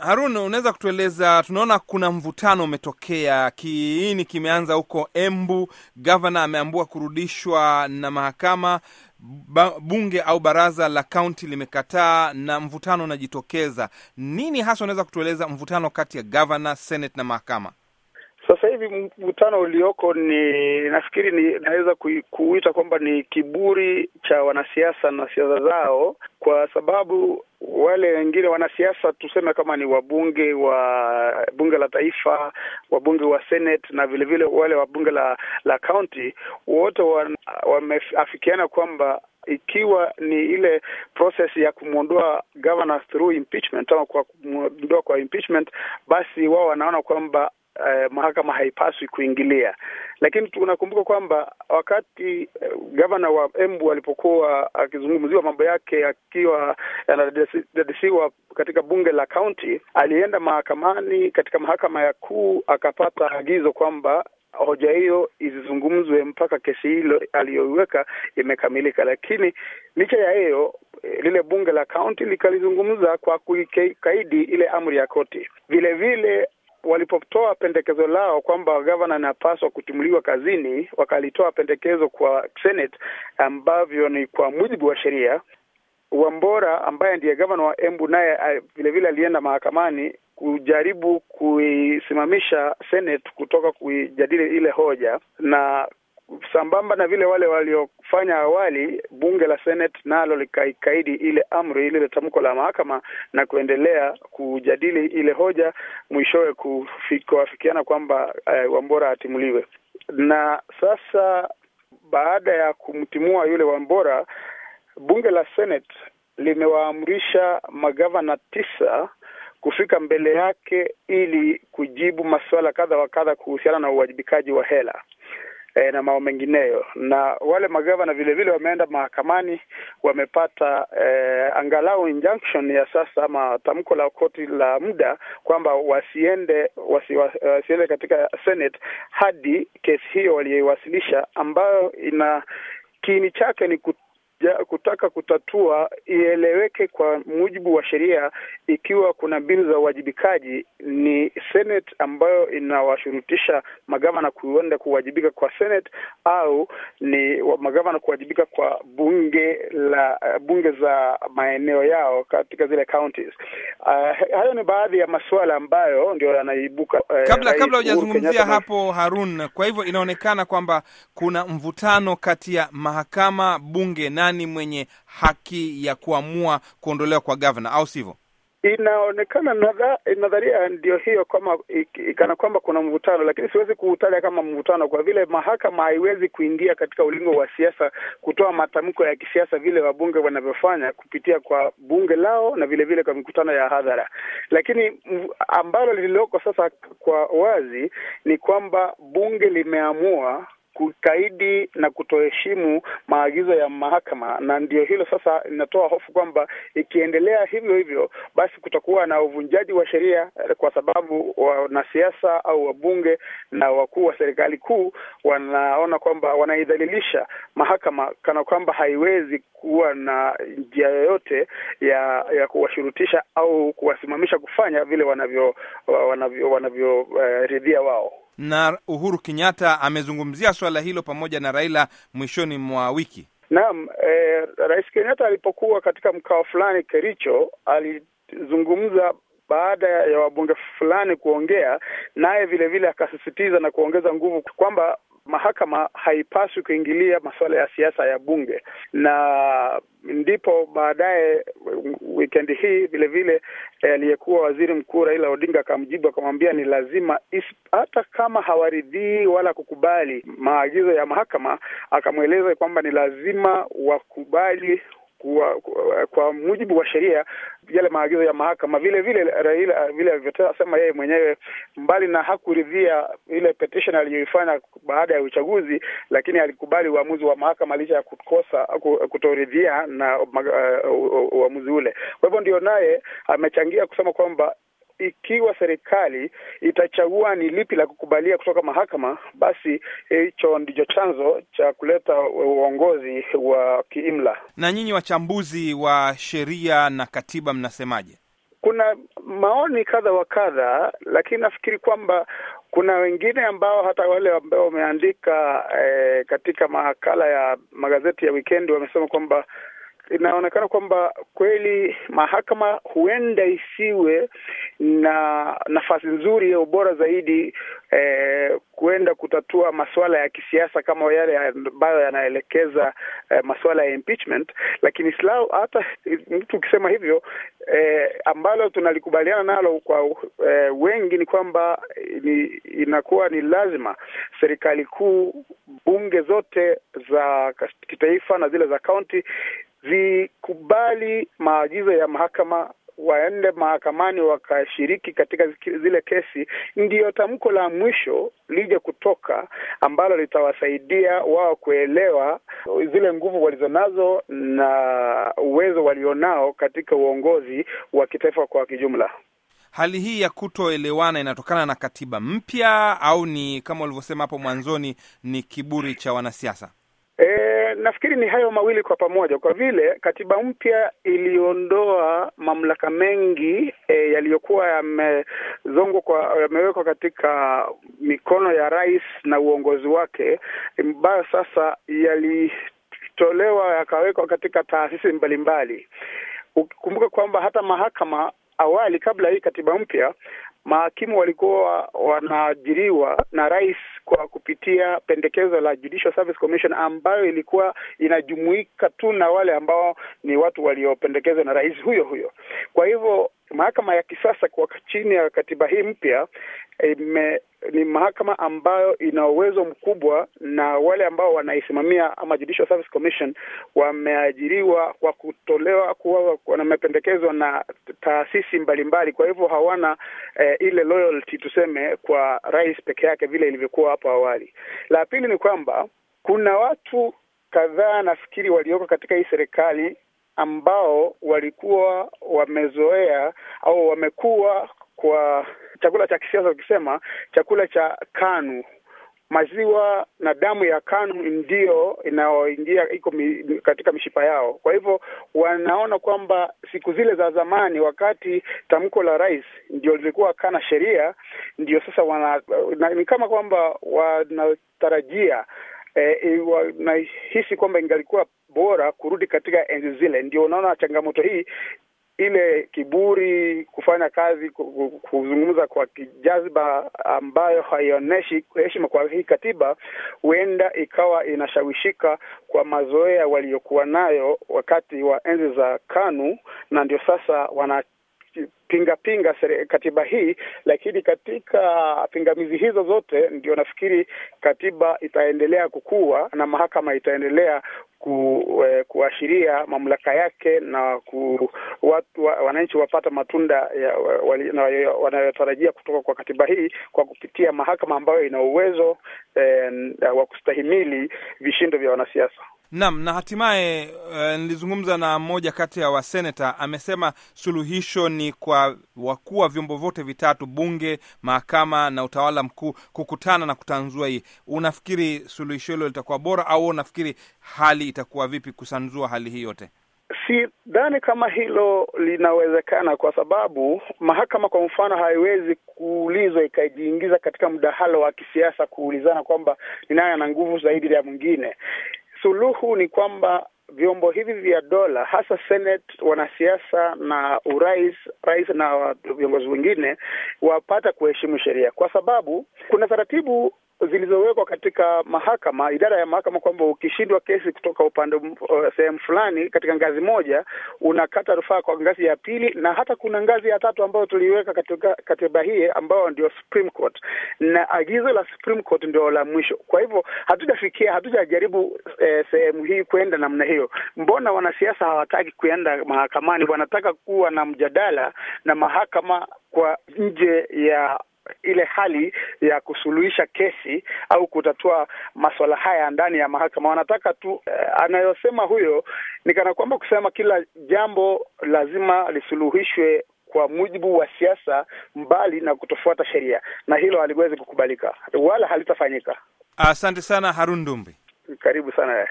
Harun, unaweza kutueleza, tunaona kuna mvutano umetokea, kiini kimeanza huko Embu. Gavana ameambua kurudishwa na mahakama, bunge au baraza la kaunti limekataa, na mvutano unajitokeza. Nini hasa unaweza kutueleza mvutano kati ya gavana, senate na mahakama? Sasa hivi mvutano ulioko ni nafikiri ni naweza kuita kwamba ni kiburi cha wanasiasa na siasa zao, kwa sababu wale wengine wanasiasa tuseme kama ni wabunge wa bunge la taifa, wabunge wa senate na vilevile vile wale wa bunge la la kaunti, wote wameafikiana wa kwamba ikiwa ni ile process ya kumwondoa governor through impeachment ama kwa kumwondoa kwa impeachment, basi wao wanaona kwamba eh, mahakama haipaswi kuingilia, lakini tunakumbuka kwamba wakati eh, gavana wa Embu alipokuwa akizungumziwa mambo yake akiwa yanadadisiwa katika bunge la kaunti, alienda mahakamani katika mahakama ya kuu akapata agizo kwamba hoja hiyo izizungumzwe mpaka kesi hilo aliyoiweka imekamilika. Lakini licha ya hiyo, eh, lile bunge la kaunti likalizungumza kwa kuikaidi ile amri ya koti. Vilevile walipotoa pendekezo lao kwamba gavana anapaswa kutimuliwa kazini, wakalitoa pendekezo kwa Senate ambavyo ni kwa mujibu wa sheria. Wambora ambaye ndiye gavana wa Embu naye vilevile alienda mahakamani kujaribu kuisimamisha Senate kutoka kuijadili ile hoja na sambamba na vile wale walio fanya awali, bunge la Senate nalo likaikaidi ile amri, lile tamko la mahakama na kuendelea kujadili ile hoja, mwishowe kuafikiana kwamba eh, Wambora atimuliwe. Na sasa baada ya kumtimua yule Wambora, bunge la Senate limewaamrisha magavana tisa kufika mbele yake ili kujibu masuala kadha wa kadha kuhusiana na uwajibikaji wa hela e, na mambo mengineyo. Na wale magavana vile vile wameenda mahakamani, wamepata e, angalau injunction ya sasa ama tamko la koti la muda kwamba wasiende wasi, eh, wasiende katika Senate hadi kesi hiyo waliyoiwasilisha ambayo ina kiini chake ni ja, kutaka kutatua ieleweke kwa mujibu wa sheria. Ikiwa kuna mbinu za uwajibikaji, ni Senate ambayo inawashurutisha magavana kuenda kuwajibika kwa Senate au ni magavana kuwajibika kwa bunge la eh, bunge za maeneo yao katika zile counties. Uh, hayo ni baadhi ya masuala ambayo ndio yanaibuka. Uh, kabla kabla hujazungumzia hapo Harun, kwa hivyo inaonekana kwamba kuna mvutano kati ya mahakama, bunge na nani mwenye haki ya kuamua kuondolewa kwa gavana, au sivyo? Inaonekana nadharia ndio hiyo, kama ikana kwamba kuna mvutano, lakini siwezi kuutaja kama mvutano kwa vile mahakama haiwezi kuingia katika ulingo wa siasa kutoa matamko ya kisiasa vile wabunge wanavyofanya kupitia kwa bunge lao na vilevile vile kwa mikutano ya hadhara. Lakini ambalo lililoko sasa kwa wazi ni kwamba bunge limeamua kukaidi na kutoheshimu maagizo ya mahakama, na ndio hilo sasa linatoa hofu kwamba ikiendelea hivyo hivyo, basi kutakuwa na uvunjaji wa sheria, eh, kwa sababu wanasiasa au wabunge na wakuu wa serikali kuu wanaona kwamba wanaidhalilisha mahakama kana kwamba haiwezi kuwa na njia yoyote ya ya kuwashurutisha au kuwasimamisha kufanya vile wanavyo wanavyo wanavyoridhia eh, wao na Uhuru Kenyatta amezungumzia suala hilo pamoja na Raila mwishoni mwa wiki. Naam, eh, Rais Kenyatta alipokuwa katika mkao fulani Kericho alizungumza baada ya wabunge fulani kuongea naye, vile vile akasisitiza na kuongeza nguvu kwamba mahakama haipaswi kuingilia masuala ya siasa ya bunge, na ndipo baadaye wikendi hii vilevile eh, aliyekuwa eh, waziri mkuu Raila Odinga akamjibu akamwambia ni lazima hata kama hawaridhii wala kukubali maagizo ya mahakama, akamweleza kwamba ni lazima wakubali kwa, kwa, kwa mujibu wa sheria yale maagizo ya mahakama. Vile vile Raila vile alivyosema yeye mwenyewe, mbali na hakuridhia ile petition aliyoifanya baada ya uchaguzi, lakini alikubali uamuzi wa mahakama licha ya kukosa kutoridhia na uh, uamuzi uh, ule. Kwa hivyo ndio naye amechangia kusema kwamba ikiwa serikali itachagua ni lipi la kukubalia kutoka mahakama, basi hicho ndicho chanzo cha kuleta uongozi wa kiimla. Na nyinyi wachambuzi wa sheria na katiba mnasemaje? Kuna maoni kadha wa kadha, lakini nafikiri kwamba kuna wengine ambao hata wale ambao wameandika eh, katika makala ya magazeti ya wikendi wamesema kwamba inaonekana kwamba kweli mahakama huenda isiwe na nafasi nzuri ya ubora zaidi eh, kuenda kutatua masuala ya kisiasa kama yale ambayo yanaelekeza eh, masuala ya impeachment, lakini silau hata mtu ukisema hivyo eh, ambalo tunalikubaliana nalo kwa eh, wengi ni kwamba ni, inakuwa ni lazima serikali kuu, bunge zote za kitaifa na zile za kaunti zikubali maagizo ya mahakama waende mahakamani wakashiriki katika zile kesi, ndiyo tamko la mwisho lije kutoka ambalo litawasaidia wao kuelewa zile nguvu walizonazo na uwezo walionao katika uongozi wa kitaifa kwa kijumla. Hali hii ya kutoelewana inatokana na katiba mpya au ni kama walivyosema hapo mwanzoni, ni kiburi cha wanasiasa e Eh, nafikiri ni hayo mawili kwa pamoja, kwa vile katiba mpya iliondoa mamlaka mengi e, yaliyokuwa yamezongwa kwa yamewekwa katika mikono ya rais na uongozi wake, ambayo sasa yalitolewa yakawekwa katika taasisi mbalimbali. Ukikumbuka kwamba hata mahakama awali kabla hii katiba mpya mahakimu walikuwa wanaajiriwa na rais kwa kupitia pendekezo la Judicial Service Commission ambayo ilikuwa inajumuika tu na wale ambao ni watu waliopendekezwa na rais huyo huyo. Kwa hivyo mahakama ya kisasa kwa chini ya katiba hii mpya ime ni mahakama ambayo ina uwezo mkubwa, na wale ambao wanaisimamia ama Judicial Service Commission wameajiriwa kwa kutolewa kuwa wamependekezwa na taasisi mbalimbali, kwa hivyo hawana eh, ile loyalty tuseme kwa rais peke yake vile ilivyokuwa hapo awali. La pili ni kwamba kuna watu kadhaa nafikiri walioko katika hii serikali ambao walikuwa wamezoea au wamekuwa kwa chakula cha kisiasa tukisema chakula cha KANU maziwa na damu ya KANU ndiyo inayoingia iko mi, katika mishipa yao. Kwa hivyo wanaona kwamba siku zile za zamani, wakati tamko la rais ndio lilikuwa kana sheria, ndio sasa wana na, ni kama kwamba wanatarajia eh, wanahisi kwamba ingalikuwa bora kurudi katika enzi zile. Ndio unaona changamoto hii ile kiburi, kufanya kazi, kuzungumza kwa kijaziba ambayo haionyeshi heshima kwa hii katiba, huenda ikawa inashawishika kwa mazoea waliokuwa nayo wakati wa enzi za KANU, na ndio sasa wana pinga pinga katiba hii. Lakini katika pingamizi hizo zote, ndio nafikiri katiba itaendelea kukua na mahakama itaendelea ku, eh, kuashiria mamlaka yake na ku, watu wa, wananchi wapata matunda wanayotarajia kutoka kwa katiba hii kwa kupitia mahakama ambayo ina uwezo eh, wa kustahimili vishindo vya wanasiasa. Naam, na hatimaye uh, nilizungumza na mmoja kati ya waseneta amesema suluhisho ni kwa wakuu wa vyombo vyote vitatu, bunge, mahakama na utawala mkuu, kukutana na kutanzua hii. Unafikiri suluhisho hilo litakuwa bora au unafikiri hali itakuwa vipi kusanzua hali hii yote? Sidhani kama hilo linawezekana, kwa sababu mahakama kwa mfano haiwezi kuulizwa ikajiingiza katika mdahalo wa kisiasa kuulizana kwamba ni nani ana nguvu zaidi ya mwingine suluhu ni kwamba vyombo hivi vya dola hasa Senate, wanasiasa na urais, rais na viongozi wengine wapata kuheshimu sheria, kwa sababu kuna taratibu zilizowekwa katika mahakama, idara ya mahakama, kwamba ukishindwa kesi kutoka upande uh, sehemu fulani katika ngazi moja, unakata rufaa kwa ngazi ya pili, na hata kuna ngazi ya tatu ambayo tuliiweka katika katiba hii ambayo ndio Supreme Court, na agizo la Supreme Court ndio la mwisho. Kwa hivyo hatujafikia, hatujajaribu eh, sehemu hii kwenda namna hiyo. Mbona wanasiasa hawataki kuenda mahakamani? Wanataka kuwa na mjadala na mahakama kwa nje ya ile hali ya kusuluhisha kesi au kutatua masuala haya ndani ya mahakama. Wanataka tu eh, anayosema huyo ni kana kwamba kusema kila jambo lazima lisuluhishwe kwa mujibu wa siasa, mbali na kutofuata sheria, na hilo haliwezi kukubalika wala halitafanyika. Asante sana Harun karibu sana.